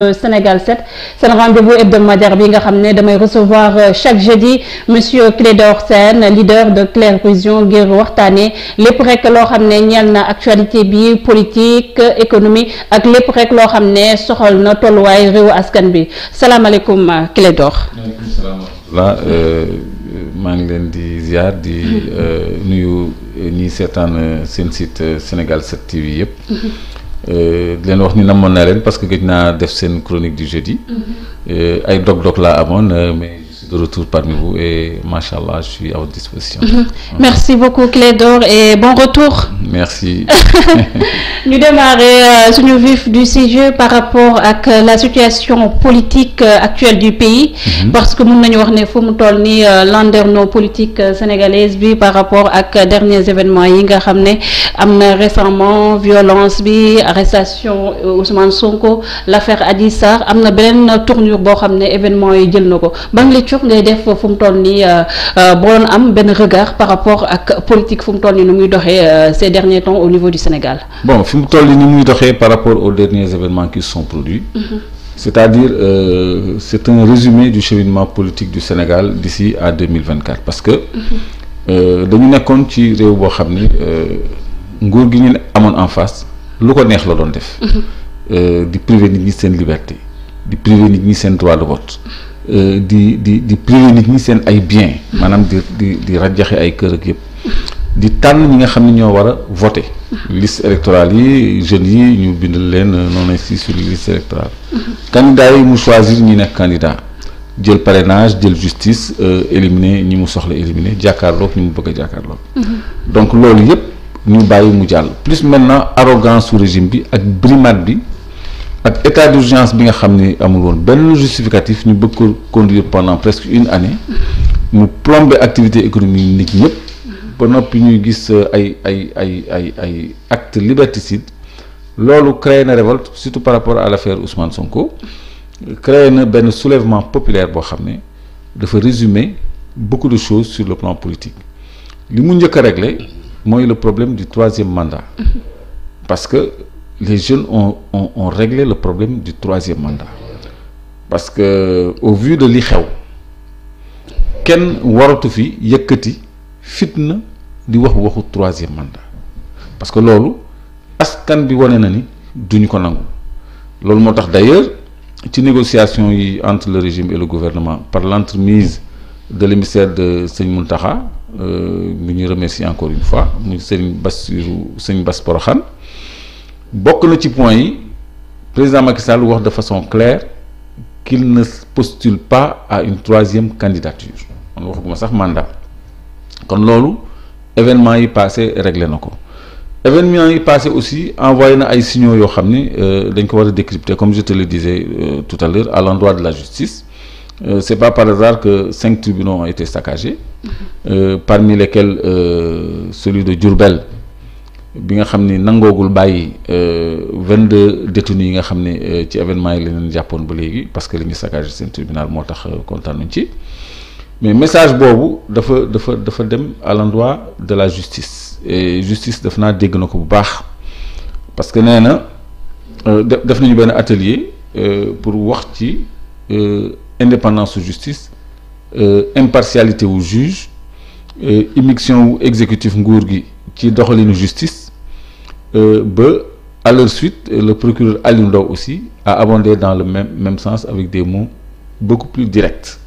Euh, senegal 7 seen rendez-vous hebdomadaire bi nga xam ne damay recevoir euh, chaque jeudi monsieur Clédor Sène leader de Clair-Vision ngir waxtaanee lépp rek loo xam ne ñeel na actualité bi politique économie ak lépp rek loo xam ne soxal na tolluwaay réew askan bi salaamaaleykum euh, Clédor. maa ngi leen di ziar di nuyu ñi seetaan seen site Sénégal 7 TV yëpp. Euh, di leen wax ni namoon naa leen parce que gëj naa def seen chronique du jeudi. Mhm. Euh, ay dog-dog laa amoon euh, mais. de retour parmi vous et machallah je suis à votre disposition. Mhm. merci beaucoup Clédor et bon retour. merci. ñu démarrer euh, suñu vif du sujet par rapport ak euh, la situation politique euh, actuelle du pays. Mhm. parce que mun nañu wax ne fu mu toll nii landerneau politique sénégalaise bi par rapport ak derniers événements yi nga xam ne am na récemment violence bi arrestation Ousmane Sonko l'affaire Adji Sarr am na beneen tournure boo xam ne événement yi jël na ko ban lecture ngay def fu mu toll nii euh, euh, boo doon am benn regard par rapport ak politique fu mu toll nii nu muy doxee euh, ces derniers temps au niveau du Sénégal. bon fi mu toll nii ni muy doxee par rapport aux derniers événements qui se sont produits. Mm-hmm. c'est-à-dire euh, c'est un résumé du cheminement politique du Sénégal d'ici à 2024 parce que. Mm-hmm. dañu nekkoon ci réew boo xam ni nguur gi ñu amoon en face lu ko neex la doon def. Mm-hmm. di priver nit ñi seen liberté di priver nit ñi seen droit de vote. Euh, di di di privé nit ñi seen ay biens maanaam di di di rajaxe ay kër ak yëpp di tànn ñi nga xam ne ñoo war a voté liste électorale yi jeune yi ñu bind leen euh, noonu si sur liste électorale candidat yi mu choisir ñi nekk candidat jël parrainage jël justice euh, éliminer ñu mu soxla éliminer jàkkaarloog ñi mu bëgg a jàkkaarloog mm-hmm. donc loolu yëpp ñu bàyyi mu jàll plus maintenant arrogance su régime bi ak brimade bi ak état d'urgence bi nga xam ni amul woon benn justificatif ñu bëgg ko conduire pendant presque une année mu plomber activité économique nit ñëpp ba noppi ñuy gis euh, ay ay ay ay ay acte liberticide loolu créé na révolte surtout par rapport à l'affaire Ousmane Sonko créer na benn soulèvement populaire boo xam ne dafa résumer beaucoup de choses sur le plan politique li mu njëkk a mooy le problème du troisième mandat mm-hmm. parce que les jeunes on ont on réglé le problème du troisième mandat parce que au vu de li xew kenn waratu fi yëkkati fitna di wax waxu troisième mandat parce que loolu askan bi wane na ni duñu ko nangu loolu moo tax d'ailleurs ci négociation yi entre le régime et le gouvernement par l'entremise de l' de sëñ Mountakha mi euh, ñuy remercier encore une fois muy sëñ Bassirou sëñ bokk na ci point yi président Macky Sall wax de façon claire qu'il ne postule pas à une troisième candidature man ma sax mandat kon loolu événement yi passé réglé na ko événement yi passé aussi envoyé na ay signaux yoo xam ni euh, dañ ko war a décrypter comme je te le disais euh, tout à l'heure à l'endroit de la justice euh, c'est pas par hasard que cinq tribunaux ont été saccagés euh, parmi lesquels euh, celui de Diourbel bi nga xam ni nangoogul bàyyi euh, vingt deux détenus yi nga xam ne euh, ci événement yi la jàppoon ba léegi parce que li ñu saccagé seen tribunal moo tax euh, kontaanuñ ci mais message boobu dafa dafa dafa dem à l'endroit de la justice et justice daf naa dégg na ko bu baax parce que nee na def nañu benn atelier pour wax ci indépendance su justice impartialité wu juge immixtion euh, executif nguur gi ci doxalinu justice euh, ba à leur suite euh, le procureur Aliou Ndao aussi a abondé dans le même même sens avec des mots beaucoup plus directs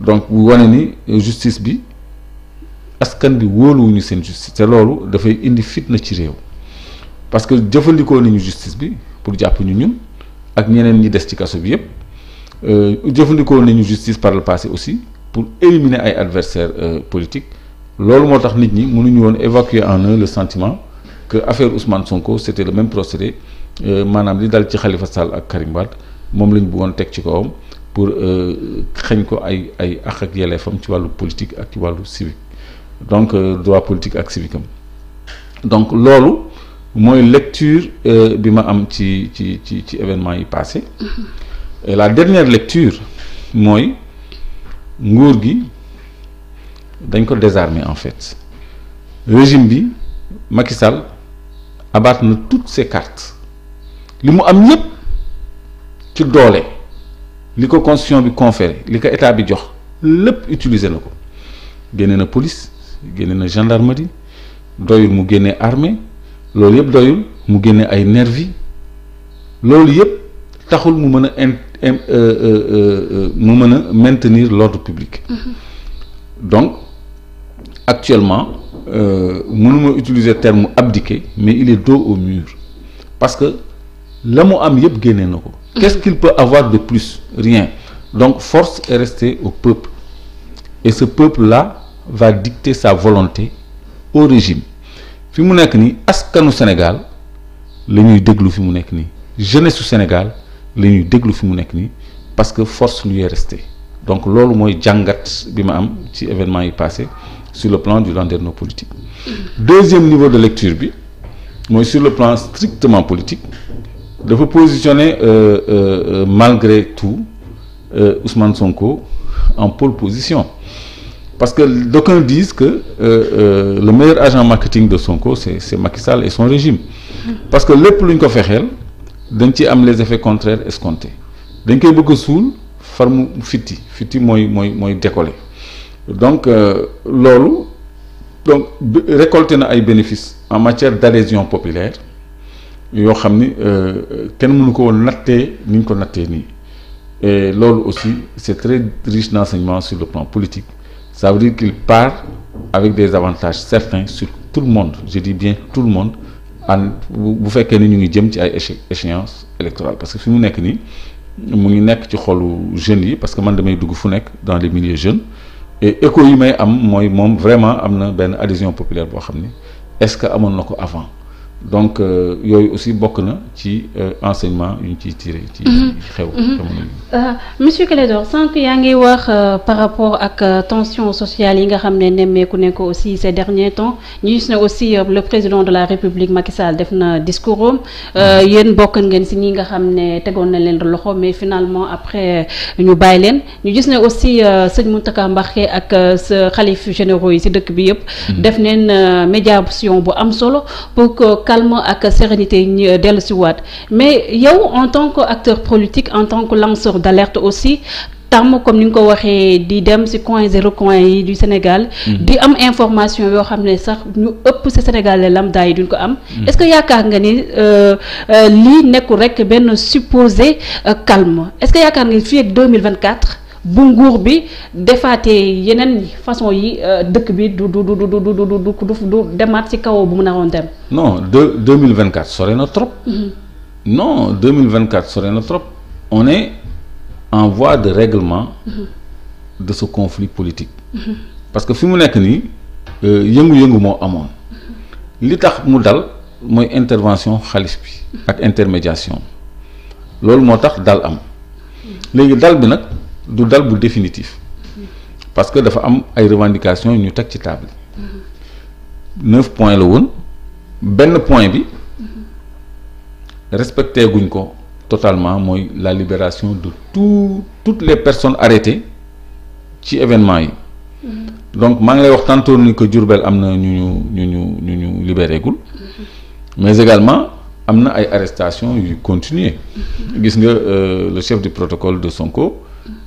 donc wane ni justice bi askan bi wóoluwuñu seen justice te loolu dafay indi na ci réew parce que jëfandikoo nañu justice bi pour jàpp ñu ñun ak ñeneen ñi des ci kaso bi yépp jëfandikoo nañu justice par le passé aussi pour éliminer ay adversaires euh, politiques loolu moo tax nit ñi mënuñu woon évacuer en eux le sentiment que affaire Ousmane Sonko c'était le même procédé euh, maanaam li dal ci xalifa Sall ak Karim moom la ñu bëggoon teg ci kawam pour euh, xañ ko ay ay àq ak yelleefam ci wàllu politique ak ci wàllu civique donc droit politique ak civique donc loolu mooy lecture bi ma am ci ci ci ci événement yi passé mm-hmm. et la dernière lecture mooy nguur gi dañ ko désarmer en fait le régime bi makisal Sall na tout ses cartes li mu am yépp ci doole li ko constitution bi conféré li ko état bi jox lépp utiliser na ko génne na police génne na gendarmerie doyul mu génne armée loolu yëpp doyul mu génne ay nervi loolu yëpp taxul mu mën a Euh, euh, euh, mu mën a maintenir l'ordre publique mm-hmm. donc actuellement mënuma utiliser terme abdiquer mais il est dos au mur parce que la mu am yëpp génnee na ko mm-hmm. qu'est-ce qu'il peut avoir de plus rien donc force est restée au peuple et ce peuple-là va dicter sa volonté au régime fi mu nekk nii askanu Sénégal la ñuy déglu fi mu nekk nii jeunesse su Sénégal la déglu fi mu nekk nii parce que force lui est restée donc loolu mooy jàngat bi ma am ci événement yi passé sur le plan du landerneau politique deuxième niveau de lecture bi mooy sur le plan strictement politique dafa positionner euh, euh, euh malgré tout euh, Sonko en pole position parce que d'aucuns disent que euh, euh, le meilleur agent marketing de Sonko c'est c'est Macky Sall et son régime parce que lépp lu ñu ko fexeel dañ ci am les effets contraires escomptés dañ koy bëgg a suul far mu fitti fitti mooy mooy mooy décoller donc euh, loolu donc récolté na ay bénéfices en matière d' adhésion populaire yoo xam ni euh, kenn mënu ko woon nattee ni ñu ko nattee nii et loolu aussi c' est très riche d' enseignement sur le plan politique ça veut dire qu'il part avec des avantages certains sur tout le monde je dis bien tout le monde ànd bu fekkee ni ñu ngi jëm ci ay échéance électorale parce que fi mu nekk nii mu ngi nekk ci xolu jeunes yi parce que man damay dugg fu nekk dans les milieux jeunes et écho yi may am mooy moom vraiment am na benn adhésion populaire boo xam ni est-ce que amoon na ko avant donc euh, yooyu aussi bokk na ci euh, enseignement yu ñu ciy tiré ci mhm. xew mhm. Euh, monsieur Clédor sànq yaa ngi wax par rapport ak tension sociale yi nga xam ne nemmeeku nekko ko aussi ces derniers temps ñu gis ne aussi le président de la république Macky Sall def na discours am mhm. yéen bokk ngeen si ñi nga xam ne tegoon na leen loxo mais finalement après ñu bàyyi leen ñu gis ne aussi sëñ Mountakha Mbacké ak sa xalif généraux yi si dëkk bi yëpp def neen médiation bu am solo calme ak sérénité ñu dellu si waat mais yow en tant que acteur politique en tant que lanceur d'alerte aussi tàmm comme ni nga ko waxee di dem si coin zéro coin yi du Sénégal mhm. di am information yoo xam ne sax ñu ëpp si Sénégal lambda yi duñ ko am mhm. est-ce que yaakaar nga ni euh, euh, lii nekkul rek benn supposé euh, calme est-ce que yaakaar nga ni fii ak 2024 bu nguur bi defaatee yeneen façon yi euh, dëkk bi du du du du demaat ci kawoo bu mu naroon dem. non deux deux mille vingt quatre sore na trop. Mm-hmm. non deux mille vingt quatre sore na trop. on est en voie de règlement. Mm-hmm. de ce conflit politique. Mm-hmm. parce que fi mu nekk nii euh, yëngu-yëngu moo amoon. li tax mu dal mooy intervention xaalis bi. ak intermédiation. loolu moo tax dal am. léegi dal bi nag. du dal bu définitif parce que dafa am ay revendications yu ñu teg ci table neuf point la woon benn point bi respecté guñ ko totalement mooy la libération de tout toutes les personnes arrêtées ci événement yi donc maa ngi lay wax tantôt ni ko Diourbel am na ñu ñu ñu ñu ñu ñu libéré gul mais également am na ay arrestations yu continuer gis nga euh, le chef du protocole de Sonko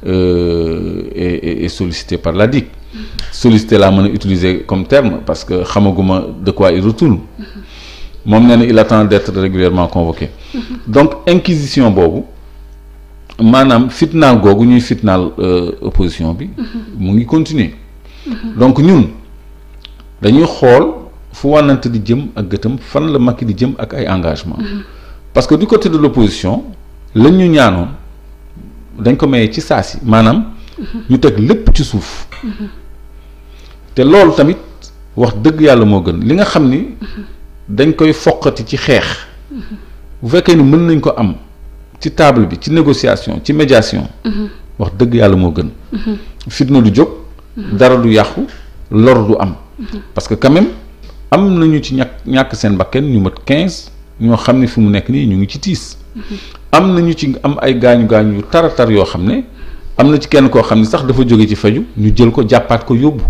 est euh, est sollicité par la DIC. sollicité laa mën a utiliser comme terme parce que xamaguma de quoi il retourne moom nee na il attend d'être régulièrement convoqué donc inquisition boobu maanaam fitnaal googu ñuy fitnaal euh, opposition bi mu ngi continuer donc ñun dañuy xool fu wànnante di jëm ak gëtam fan la Macky di jëm ak ay engagement parce que du côté de l'opposition lañ ñaanoon dañ ko maye ci saa si maanaam ñu teg lépp ci suuf te loolu tamit wax dëgg yàlla moo gën li nga xam ni dañ koy foqati ci xeex bu fekkee ni mën nañ ko am ci table bi ci négociation ci médiation wax dëgg yàlla moo gën fitna du jóg dara du yàqu lor du am parce que quand am nañu ci ñàkk ñàkk seen bakken ñu mat quinze ñoo xam ne fi mu nekk nii ñu ngi ci tiis am nañu ci am ay gaañu gaañu yu tara tar yoo xam ne am na ci kenn koo xam ne sax dafa jóge ci faju ñu jël ko jàppaat ko yóbbu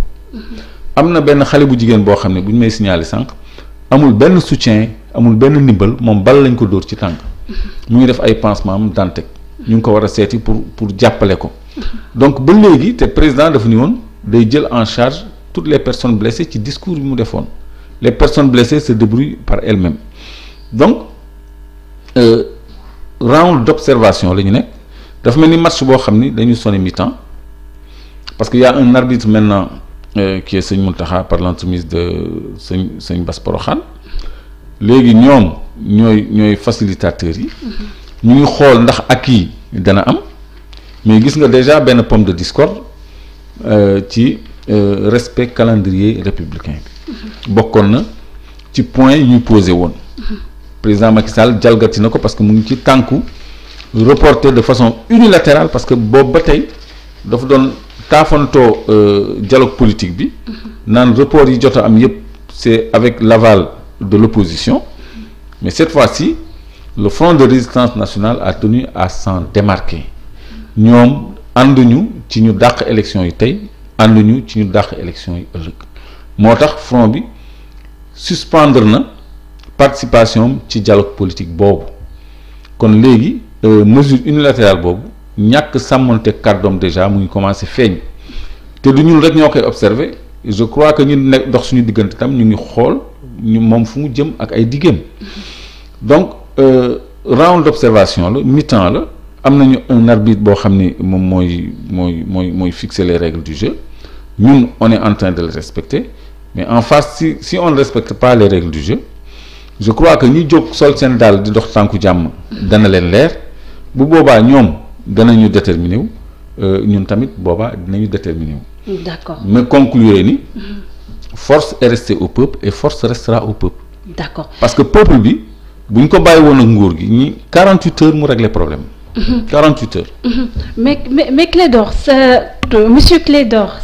am na benn xale bu jigéen boo xam ne bu ñu may signaler sànq amul benn soutien amul benn ndimbal moom bal lañ ko dóor ci tànk mu ngi def ay pansement am danteg ñu ngi ko war a seeti pour pour jàppale ko donc ba léegi te président dafa ni woon day jël en charge toutes les personnes blessées ci discours bi mu defoon les personnes blessées se débrouillent par elles donc round d'observation la ñu nekk dafa mel ni match boo xam ni dañu sonné mi parce que y a un arbitre maintenant ki euh, qui mun taxa Mountakha par l'entremise de sëñ sëñ Bass Porokhane léegi ñoom ñooy ñooy facilitateurs yi ñu ngi xool ndax ak acquis dana am mais gis nga déjà benn pomme de discorde euh, ci euh, respect calendrier républicain bi bokkoon na ci point yi ñu posé woon président Macky Sall jalgati na ko parce que mu ngi ci tànku reporter de façon unilatérale parce que boobu ba tey dafa doon taafantoo euh, dialogue politique bi mm-hmm. naan report yi jot am yëpp c'est avec l'aval de l'opposition mais cette fois-ci le front de résistance nationale a tenu à s'en démarquer ñoom ànduñu ci ñu dàq élection yi tey ànduñu ci ñu dàq élection yi ëllëg moo tax front bi suspendre na participation ci dialogue politique boobu kon léegi euh, mesure unilatérale boobu ñàkk sàmmoonte kàddoom déjà mu ngi commencé feeñ te du ñun rek ñoo koy observé je crois que ñu nekk ndox suñu diggante tam ñu ngi xool ñu moom fu mu jëm ak ay diggéem donc euh, round d'observation la mi la am nañu un arbitre boo xam ni moom mooy mooy mooy mooy fixer les règles du jeu ñun on est en train de les respecter mais en face si si on ne respecte pas les règles du jeu je crois que ñu jóg sol seen daal di dox tànku jàmm dana leen leer bu boobaa ñoom danañu déterminé wu euh, ñun tamit boobaa dinañu déterminé wu. d'accord mais conclure ni. force est restée au peuple et force restera au peuple. d'accord parce que peuple bi bu ñu ko bàyyi woon ak nguur gi ñi 48 mu régler problème. Mhm. Mhm. mais mais mais Clédor sa euh, monsieur Clédor